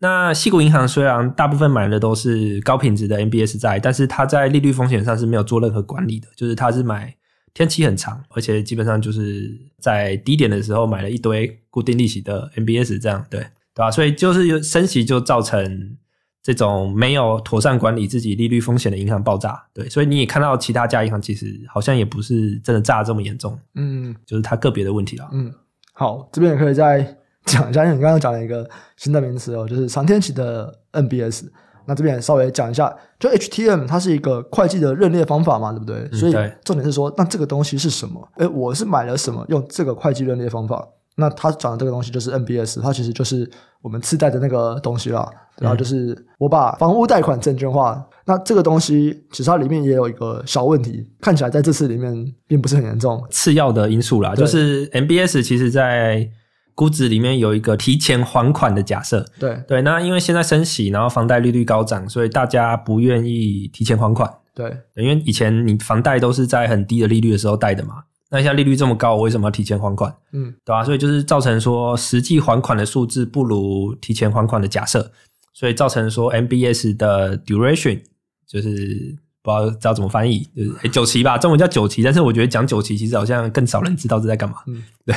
那矽谷銀行雖然大部分買的都是高品質的 MBS 債，但是它在利率風險上是沒有做任何管理的，就是它是買。天期很長，而且基本上就是在低點的時候買了一堆固定利息的 MBS，這樣對對吧、啊？所以就是升息就造成這種沒有妥善管理自己利率風險的銀行爆炸，對。所以你也看到其他家銀行其實好像也不是真的炸這麼嚴重，嗯，就是它個別的問題了。嗯，好，這邊也可以再講一下你剛剛講的一個新的名詞哦，就是長天期的 MBS。那這邊也稍微講一下，就 H T M 它是一個會計的認列方法嘛，對不對、嗯、對？所以重點是說，那這個東西是什麼？誒、欸，我是買了什麼？用這個會計認列方法，那他講的這個東西就是 M B S，它其實就是我們次貸的那個東西啦、嗯。然後就是我把房屋貸款證券化，那這個東西其實它裡面也有一個小問題，看起來在這次裡面並不是很嚴重，次要的因素啦。就是 M B S 其實在，在估值裡面有一個提前還款的假設，對對，那因為現在升息，然後房貸利率高漲，所以大家不願意提前還款，對，因為以前你房貸都是在很低的利率的時候貸的嘛，那現在利率這麼高，我為什麼要提前還款？嗯，對吧、啊？所以就是造成說實際還款的數字不如提前還款的假設，所以造成說 MBS 的 duration 就是不知道，知道怎麼翻譯，就是、欸、久期吧，中文叫久期，但是我覺得講久期其實好像更少人知道是在幹嘛，嗯，對。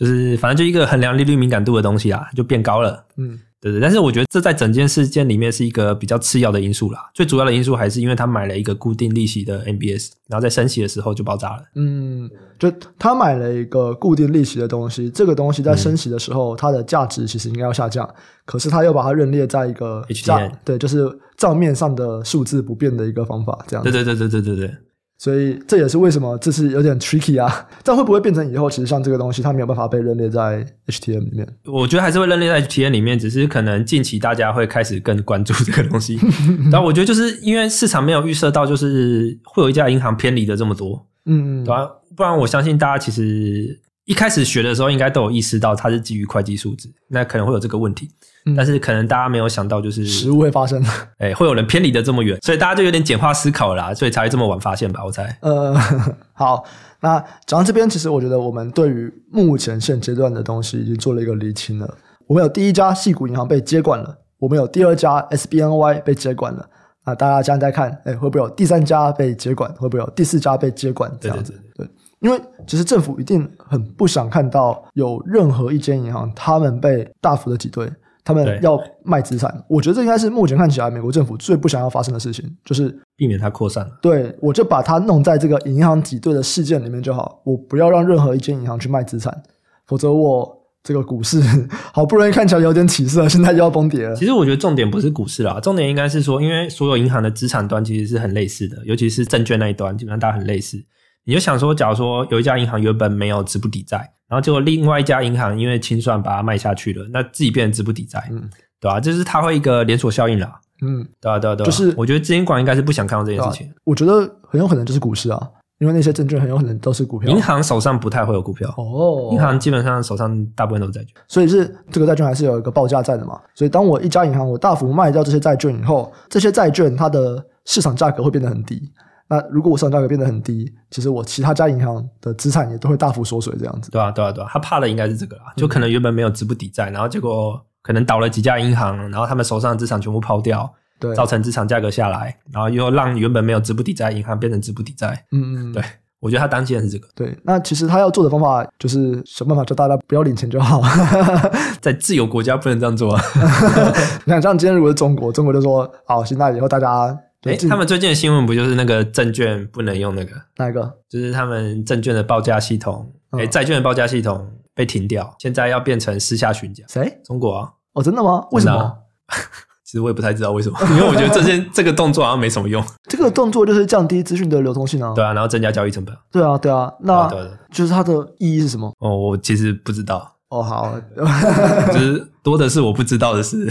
就是反正就一個衡量利率敏感度的東西啊，就變高了。嗯，對對。但是我覺得這在整件事件裡面是一個比較次要的因素啦，最主要的因素還是因為他買了一個固定利息的 MBS，然後在升息的時候就爆炸了。嗯，就他買了一個固定利息的東西，這個東西在升息的時候、嗯、它的價值其實應該要下降，可是他又把它認列在一個賬，HTM、對，就是賬面上的數字不變的一個方法，嗯、這樣。對對對對對對對,對。所以這也是為什麼，這是有點 tricky 啊。這樣會不會變成以後其實像這個東西，它沒有辦法被認列在 HTM 裡面？我覺得還是會認列在 HTM 裡面，只是可能近期大家會開始更關注這個東西。 然後我覺得就是因為市場沒有預設到，就是會有一家銀行偏離的這麼多。嗯嗯，然後不然不然，我相信大家其實。一開始學的時候，應該都有意識到它是基於會計數字，那可能會有這個問題。嗯、但是可能大家沒有想到，就是食物會發生的，哎、欸，會有人偏離得這麼遠，所以大家就有點簡化思考啦，所以才會這麼晚發現吧？我猜。呃、嗯，好，那講到這邊，其實我覺得我們對於目前現階段的東西已經做了一個釐清了。我們有第一家矽谷銀行被接管了，我們有第二家 SBNY 被接管了。那大家現在在看，哎、欸，會不會有第三家被接管？會不會有第四家被接管？這樣子，對，對，對，對。對因為其實政府一定很不想看到有任何一間銀行，他們被大幅的擠兌，他們要賣資產。我覺得這應該是目前看起來美國政府最不想要發生的事情，就是避免它擴散。對，我就把它弄在這個銀行擠兌的事件裡面就好，我不要讓任何一間銀行去賣資產，否則我這個股市好不容易看起來有點起色，現在又要崩跌了。其實我覺得重點不是股市啦，重點應該是說，因為所有銀行的資產端其實是很類似的，尤其是證券那一端，基本上大家很類似。你就想說，假如說有一家銀行原本沒有資不抵債，然後結果另外一家銀行因為清算把它賣下去了，那自己變成資不抵債，嗯，對吧、啊？就是它會一個連鎖效應啦。嗯，對啊，對啊，對啊，就是我覺得監管應該是不想看到這件事情。啊、我覺得很有可能就是股市啊，因為那些證券很有可能都是股票，銀行手上不太會有股票哦，銀行基本上手上大部分都是債券，所以是這個債券還是有一個報價在的嘛？所以當我一家銀行我大幅賣掉這些債券以後，這些債券它的市場價格會變得很低。那如果我市場價格變得很低，其實我其他家銀行的資產也都會大幅縮水，這樣子。對啊，對啊，對啊，他怕的應該是這個啊，就可能原本沒有資不抵債，嗯，然後結果可能倒了幾家銀行，然後他們手上的資產全部拋掉，對，造成資產價格下來，然後又讓原本沒有資不抵債銀行變成資不抵債。嗯，嗯嗯，對我覺得他擔心的是這個。對，那其實他要做的方法就是想辦法叫大家不要領錢就好。 在自由國家不能這樣做啊。你看，像今天如果是中國，中國就說，好，現在以後大家。哎、欸，他們最近的新聞不就是那個證券不能用那個？哪一個？就是他們證券的報價系統，哎、嗯，欸，債券的報價系統被停掉，現在要變成私下詢價。誰？中國啊？哦，真的嗎？為什麼？啊、 其實我也不太知道為什麼， 因為我覺得這件這個動作好像沒什麼用。 這個動作就是降低資訊的流通性啊。對啊，然後增加交易成本。對啊，對啊，那對，就是它的意義是什麼？哦，我其實不知道。哦、oh，好， 就是多的是我不知道的事。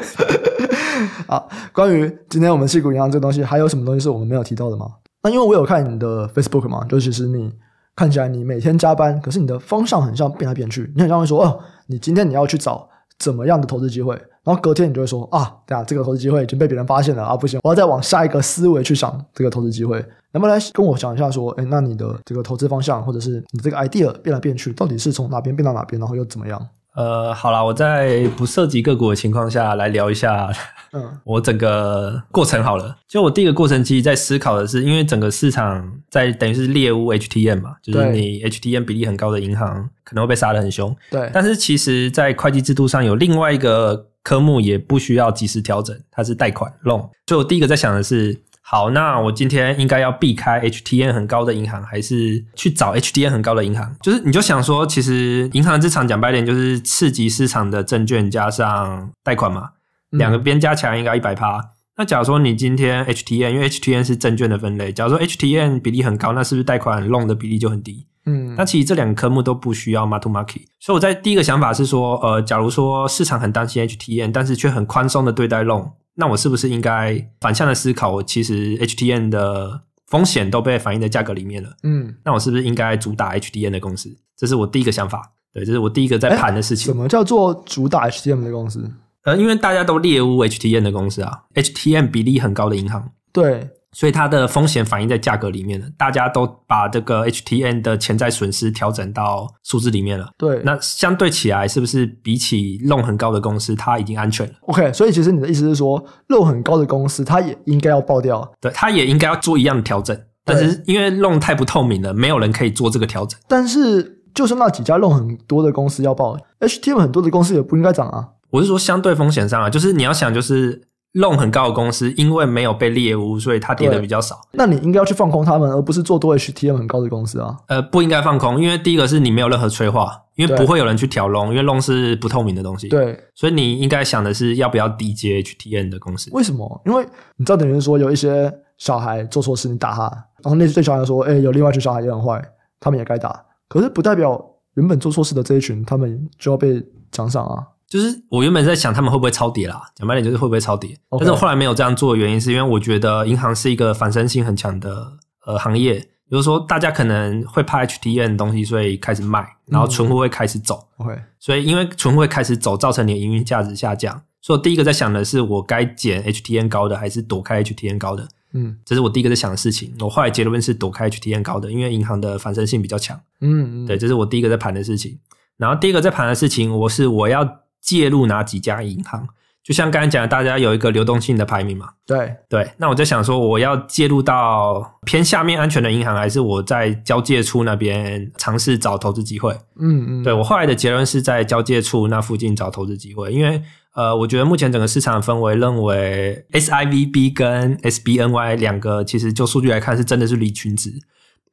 好，關於今天我們戲股銀行這個東西，還有什麼東西是我們沒有提到的嗎？那因為我有看你的 Facebook 嘛，尤其實你看起來你每天加班，可是你的方向很像變來變去，你很像會說哦，你今天你要去找怎麼樣的投資機會。然後隔天你就會說啊，對啊，這個投資機會已經被別人發現了啊，不行，我要再往下一個思維去想這個投資機會。能不能來跟我講一下，說，誒那你的這個投資方向或者是你這個 idea 變來變去，到底是從哪邊變到哪邊，然後又怎麼樣？呃，好啦，我在不涉及個股的情況下來聊一下，嗯，我整個過程好了。就我第一個過程其實在思考的是，因為整個市場在等於是獵巫 H T M 嘛，就是你 H T M 比例很高的銀行可能會被殺得很兇，對。但是其實在會計制度上有另外一個。科目也不需要及時調整，它是貸款 loan，所以我第一個在想的是，好，那我今天應該要避開 HTM 很高的銀行，還是去找 HTM 很高的銀行？就是你就想說，其實銀行的資產講白點就是次級市場的證券加上貸款嘛，嗯、兩個邊加起來應該一百趴。那假如說你今天 HTM，因為 HTM 是證券的分類，假如說 HTM 比例很高，那是不是貸款 Loan 的比例就很低？嗯，那其實這兩個科目都不需要 Mark to Market。所以我在第一個想法是說，呃，假如說市場很擔心 HTM，但是卻很寬鬆的對待 Loan，那我是不是應該反向的思考？我其實 HTM 的風險都被反映在價格裡面了。嗯，那我是不是應該主打 HTM 的公司？這是我第一個想法。對，這是我第一個在盤的事情。什麼叫做主打 HTM 的公司？呃，因為大家都獵巫 H T M 的公司啊，H T M 比例很高的銀行，對，所以它的風險反映在價格裡面了。大家都把這個 H T M 的潛在損失調整到數字裡面了。對，那相對起來是不是比起 loan 很高的公司，它已經安全了？OK，所以其實你的意思是說，loan 很高的公司，它也應該要爆掉，對，它也應該要做一樣的調整。但是因為 loan 太不透明了，沒有人可以做這個調整。但是就是那幾家 loan 很多的公司要爆，H T M 很多的公司也不應該漲啊。我是說，相對風險上啊，就是你要想，就是 loan 很高的公司，因為沒有被獵巫，所以它跌得比較少。那你應該要去放空他們，而不是做多 H T M 很高的公司啊。呃，不應該放空，因為第一個是你沒有任何催化，因為不會有人去挑 loan，因為 loan 是不透明的東西。對，所以你應該想的是要不要低接 HTM 的公司？為什麼？因為你知道等於，等於說有一些小孩做錯事，你打他，然後那些小孩說：“哎、欸，有另外一群小孩也很壞，他們也該打。”可是不代表原本做錯事的這一群，他們就要被獎賞啊。就是我原本在想他們會不會超跌啦，講白點就是會不會超跌。Okay. 但是我後來沒有這樣做，的原因是因為我覺得銀行是一個反身性很強的呃行業。比如說大家可能會怕 HTM 東西，所以開始賣，然後存戶會、嗯、會開始走。OK，所以因為存戶開始走，造成你的營運價值下降。所以我第一個在想的是我該撿 HTM 高的還是躲開 HTM 高的？嗯，這是我第一個在想的事情。我後來結論是躲開 HTM 高的，因為銀行的反身性比較強。嗯嗯，對，這是我第一個在盤的事情。然後第一個在盤的事情，我是我要介入哪幾家銀行？就像剛才講的，大家有一個流動性的排名嘛。對對，那我就想說，我要介入到偏下面安全的銀行，還是我在交界處那邊嘗試找投資機會？嗯嗯，對，我後來的結論是在交界處那附近找投資機會，因為呃，我覺得目前整個市場氛圍認為 SIVB 跟 SBNY 兩個，其實就數據來看是真的是離群值。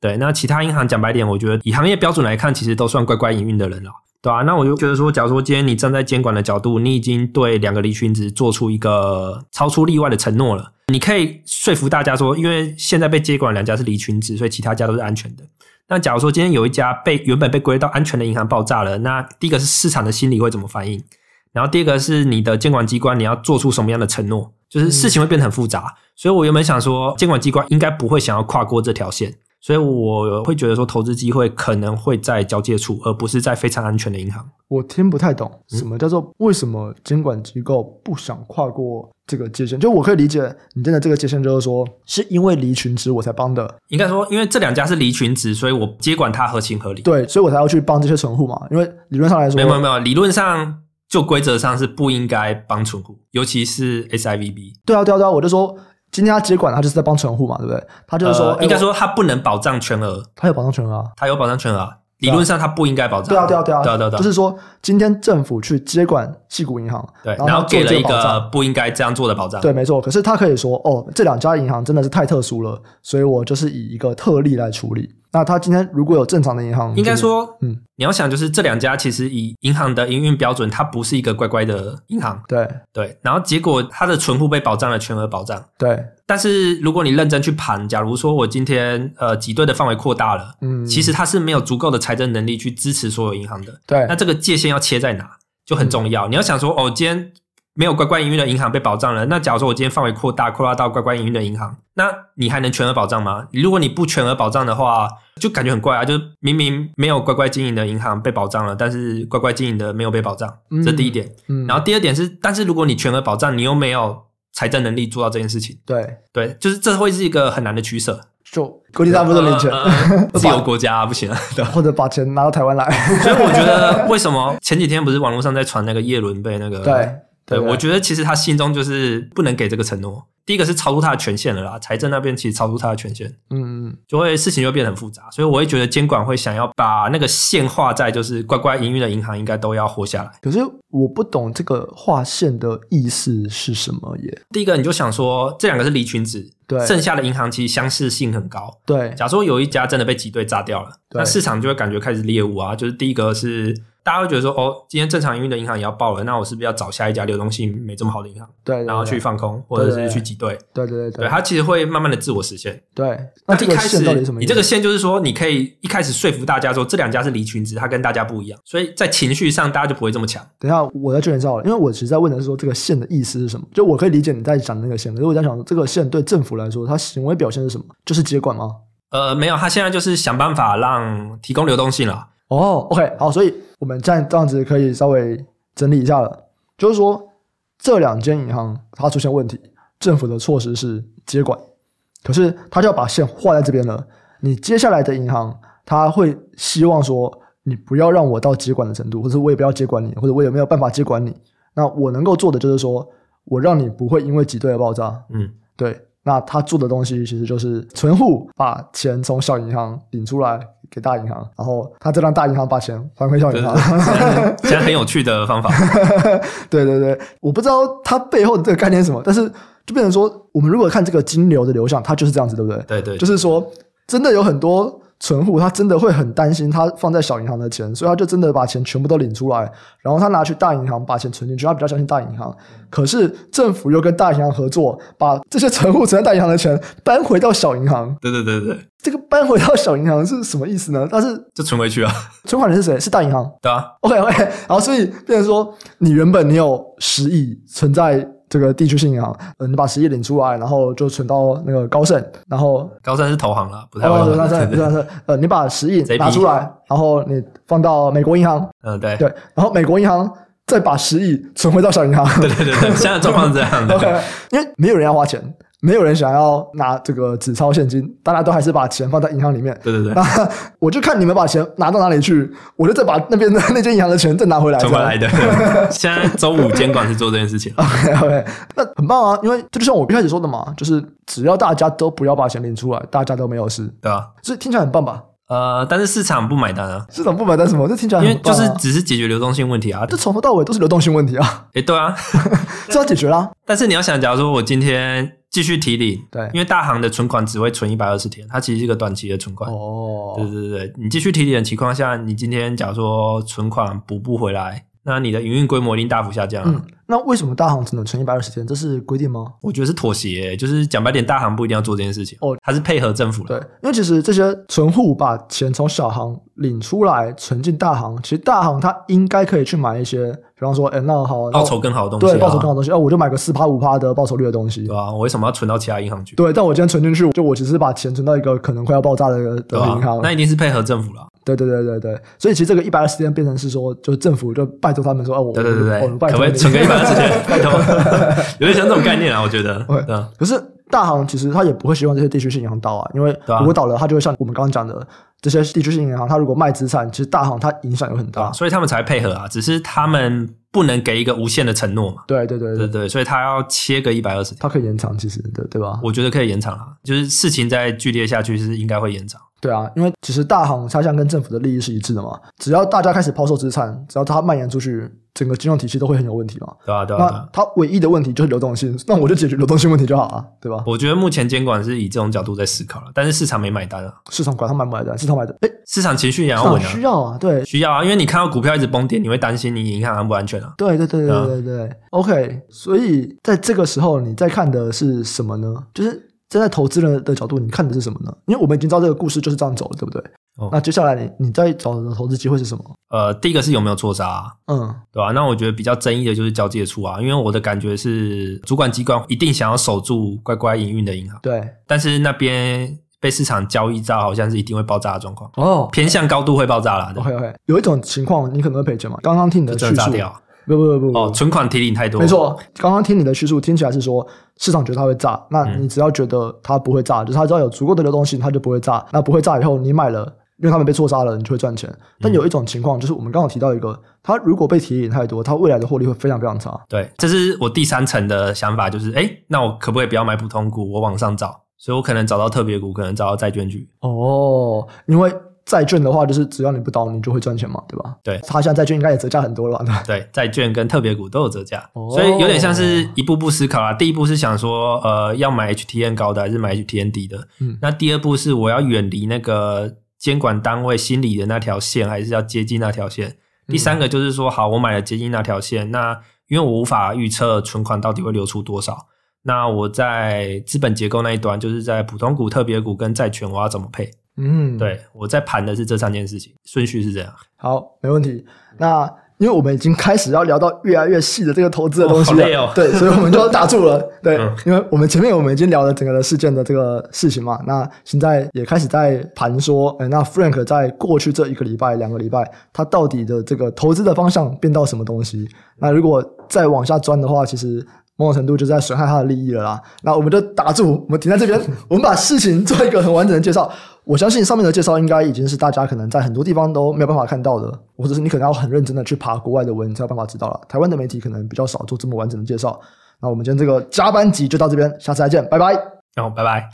對，那其他銀行講白點，我覺得以行業標準來看，其實都算乖乖營運的人了。對吧、啊？那我就覺得說，假如說今天你站在監管的角度，你已經對兩個離群值做出一個超出例外的承諾了，你可以說服大家說，因為現在被接管兩家是離群值，所以其他家都是安全的。那假如說今天有一家被原本被歸到安全的銀行爆炸了，那第一個是市場的心理會怎麼反應？然後第二個是你的監管機關你要做出什麼樣的承諾？就是事情會變得很複雜。嗯、所以我原本想說，監管機關應該不會想要跨過這條線。所以我會覺得說，投資機會可能會在交界處，而不是在非常安全的銀行。我聽不太懂，什麼叫做為什麼監管機構不想跨過這個界限？就我可以理解，你真的這個界限就是說，是因為離群值我才幫的。應該說，因為這兩家是離群值，所以我接管它合情合理。對，所以我才要去幫這些存戶嘛，因為理論上來說，沒有沒有，理論上就規則上是不應該幫存戶，尤其是 SIVB。對啊對啊對啊，我就說。今天他接管，他就是在幫存戶嘛，對不對？他就是說，呃欸、應該說他不能保障全額，他有保障全額、啊，他有保障全額、啊啊啊。理論上他不應該保障。對啊，對啊，對啊，對啊對、啊、就是說，、啊就是說啊，今天政府去接管矽谷銀行，對然做，然後給了一個不應該這樣做的保障。對，沒錯。可是他可以說，哦，這兩家銀行真的是太特殊了，所以我就是以一個特例來處理。那他今天如果有正常的銀行，應該說，嗯，你要想就是這兩家其實以銀行的營運標準，它不是一個乖乖的銀行，對對。然後結果它的存戶被保障了全額保障，對。但是如果你認真去盤，假如說我今天呃擠兌的範圍擴大了，嗯，其實它是沒有足夠的財政能力去支持所有銀行的，對。那這個界限要切在哪，就很重要。嗯、你要想說，哦，今天，沒有乖乖營運的銀行被保障了。那假如說我今天範圍擴大，擴大到乖乖營運的銀行，那你還能全額保障嗎？如果你不全額保障的話，就感覺很怪啊！就是明明沒有乖乖經營的銀行被保障了，但是乖乖經營的沒有被保障，嗯、這是第一點、嗯。然後第二點是，但是如果你全額保障，你又沒有財政能力做到這件事情，對對，就是這會是一個很難的取捨。就國際大部分領錢、呃呃、自由國家、啊、 不，不行了、啊，或者把錢拿到台灣來。 所以我覺得，為什麼前幾天不是網絡上在傳那個葉倫被那個？對。對，我覺得其實他心中就是不能給這個承諾。第一個是超出他的權限了啦，財政那邊其實超出他的權限，嗯嗯，就會事情就變得很複雜。所以我會覺得監管會想要把那個線畫在，就是乖乖營運的銀行應該都要活下來。可是我不懂這個畫線的意思是什麼耶。第一個你就想說這兩個是離群值，對，剩下的銀行其實相似性很高，對。假如說有一家真的被擠兌炸掉了，那市場就會感覺開始獵巫啊，就是第一個是。大家會覺得說，哦，今天正常營運的銀行也要爆了，那我是不是要找下一家流動性沒這麼好的銀行？嗯、對，對，對，然後去放空或者是去擠兌？對對對對，對，對，對，它其實會慢慢的自我實現。對，那這個線到底什麼意思，一開始你這個線就是說，你可以一開始說服大家說這兩家是離群值，它跟大家不一樣，所以在情緒上大家就不會這麼強。等一下，我再確認一下，因為我其實在問的是說這個線的意思是什麼？就我可以理解你在講那個線，可是我在想這個線對政府來說，它行為表現是什麼？就是接管嗎？呃，沒有，他現在就是想辦法讓提供流動性了。哦，OK，好，所以我們這樣這樣子可以稍微整理一下了，就是說這兩間銀行它出現問題，政府的措施是接管，可是他就要把線畫在這邊了。你接下來的銀行，他會希望說你不要讓我到接管的程度，或者是我也不要接管你，或者我也沒有辦法接管你。那我能夠做的就是說我讓你不會因為擠兌而爆炸。嗯，對。那他做的東西其實就是存戶把錢從小銀行領出來。給大銀行，然後他再讓大銀行把錢還回小銀行，其實、嗯、很有趣的方法。 對對對，我不知道他背後的這個概念是什麼，但是就變成說，我們如果看這個金流的流向，它就是這樣子，對不對？對對，對，就是說真的有很多。存戶他真的會很擔心他放在小銀行的錢，所以他就真的把錢全部都領出來，然後他拿去大銀行把錢存進去，他比較相信大銀行。可是政府又跟大銀行合作，把這些存戶存在大銀行的錢搬回到小銀行。對對對對，這個搬回到小銀行是什麼意思呢？但是就存回去啊？存款人是誰？是大銀行。對啊，OK OK，然後所以變成說，你原本你有十億存在，這個地區性銀行，呃，你把十億領出來，然後就存到那個高盛，然後高盛是投行了，不太高盛、哦，對對對， 呃，你把十億拿出來，然 後、呃、你放到美國銀行，嗯對對，然後美國銀行再把十億存回到小銀行，對對對，對，現在狀況是這樣的 ，OK，因、yeah, 為沒有人要花錢。沒有人想要拿這個紙鈔現金，大家都還是把錢放在銀行裡面。對對對，我就看你們把錢拿到哪裡去，我就再把那邊的那間銀行的錢再拿回來。走回來的。 現在週五監管是做這件事情。 OK OK，那很棒啊，因為這就像我一開始說的嘛，就是只要大家都不要把錢領出來，大家都沒有事。對啊，所以聽起來很棒吧？呃，但是市場不買單啊。市場不買單什麼？這聽起來很棒，啊，因為就是只是解決流動性問題啊，這從頭到尾都是流動性問題啊。哎，欸，對啊，這 要解決啦，啊。 但是你要想，假如說我今天。繼續提領，對，因為大行的存款只會存一百二十天，它其實是個短期的存款。哦，對對對對，你繼續提領的情況下，你今天假如說存款補不回來。那你的營運規模一定大幅下降了、嗯。那為什麼大行只能存一百二十天？這是規定嗎？我覺得是妥協、欸，就是講白點，大行不一定要做這件事情。哦、oh,，它是配合政府的。對，因為其實這些存戶把錢從小行領出來存進大行，其實大行它應該可以去買一些，比方說，哎、欸，那好，報酬更好的東西，對，報酬更好的東西，哎、啊，我就買個四趴五趴的報酬率的東西。對啊，我為什麼要存到其他銀行去？對，但我今天存進去，就我其實是把錢存到一個可能快要爆炸的一個的銀行、啊，那一定是配合政府了。對對對對對，所以其實這個一百二十天變成是說，就是政府就拜托他們說，哦，我們對對對，哦、我們拜託可不可以存個一百二十天？拜托，有點像這種概念啊，我覺得。Okay. 對。可是大行其實他也不會希望這些地區性銀行倒啊，因為如果倒了，啊、他就會像我們剛剛講的這些地區性銀行，他如果賣資產，其實大行它影響有很大，所以他們才配合啊。只是他們不能給一個無限的承諾嘛。對對對對,對,對，所以他要切個一百二十天，它可以延長，其實對對吧？我覺得可以延長啊，就是事情再劇烈下去是應該會延長。對啊，因為其實大行差向跟政府的利益是一致的嘛。只要大家開始拋售資產，只要它蔓延出去，整個金融體系都會很有問題嘛。對啊，對啊。那它、啊、唯一的問題就是流動性，那我就解決流動性問題就好啊，對吧？我覺得目前監管是以這種角度在思考了，但是市場沒買單、啊。市場管它買不買單，市場買單。誒，市場情緒也要穩啊。需要啊，對，需要啊，因為你看到股票一直崩跌，你會擔心你銀行安不安全啊？對對對對對對，對，對、嗯。OK，所以在這個時候你在看的是什麼呢？就是。站在投資人的角度，你看的是什麼呢？因為我們已經知道這個故事就是這樣走了，對不對？哦、那接下來你你在找的投資機會是什麼？呃，第一個是有沒有錯殺、啊，嗯，對吧、啊？那我覺得比較爭議的就是交界處啊，因為我的感覺是主管機關一定想要守住乖乖營運的銀行，對。但是那邊被市場交易到，好像是一定會爆炸的狀況。哦，偏向高度會爆炸了。OK OK，有一種情況你可能會賠錢嘛？剛剛聽你的敘述不不不不哦！存款提領太多，沒錯。剛剛聽你的敘述，聽起來是說市場覺得它會炸。那你只要覺得它不會炸，嗯、就是它只要有足夠的流動性，它就不會炸。那不會炸以後，你買了，因為他們被錯殺了，你就會賺錢。但有一種情況、嗯，就是我們剛好提到一個，它如果被提領太多，它未來的獲利會非常非常差。對，這是我第三層的想法，就是誒、欸，那我可不可以不要買普通股，我往上找？所以我可能找到特別股，可能找到債券股。哦，因為。債券的話，就是只要你不倒，你就會賺錢嘛，對吧？對，它現在債券應該也折價很多了。對，債券跟特別股都有折價，哦，所以有點像是一步步思考啊。第一步是想說，呃，要買 HTM 高的還是買 HTM 低的？嗯，那第二步是我要遠離那個監管單位心裡的那條線，還是要接近那條線？第三個就是說，嗯、好，我買了接近那條線，那因為我無法預測存款到底會流出多少，那我在資本結構那一端，就是在普通股、特別股跟債券，我要怎麼配？嗯，對，我在盤的是這三件事情，順序是這樣。好，沒問題。那因為我們已經開始要聊到越來越細的這個投資的東西了，哦哦、 對，所以我們就要打住了。對、嗯，因為我們前面我們已經聊了整個的事件的這個事情嘛，那現在也開始在盤說，誒、欸、那 Frank 在過去這一個禮拜、兩個禮拜，他到底的這個投資的方向變到什麼東西？那如果再往下鑽的話，其實。某種程度就是在損害他的利益了啦。那我們就打住，我們停在這邊，我們把事情做一個很完整的介紹。我相信上面的介紹應該已經是大家可能在很多地方都沒有辦法看到的，或者是你可能要很認真的去爬國外的文你才有辦法知道了。台灣的媒體可能比較少做這麼完整的介紹。那我們今天這個加班集就到這邊，下次再見，拜拜，然後、嗯、拜拜。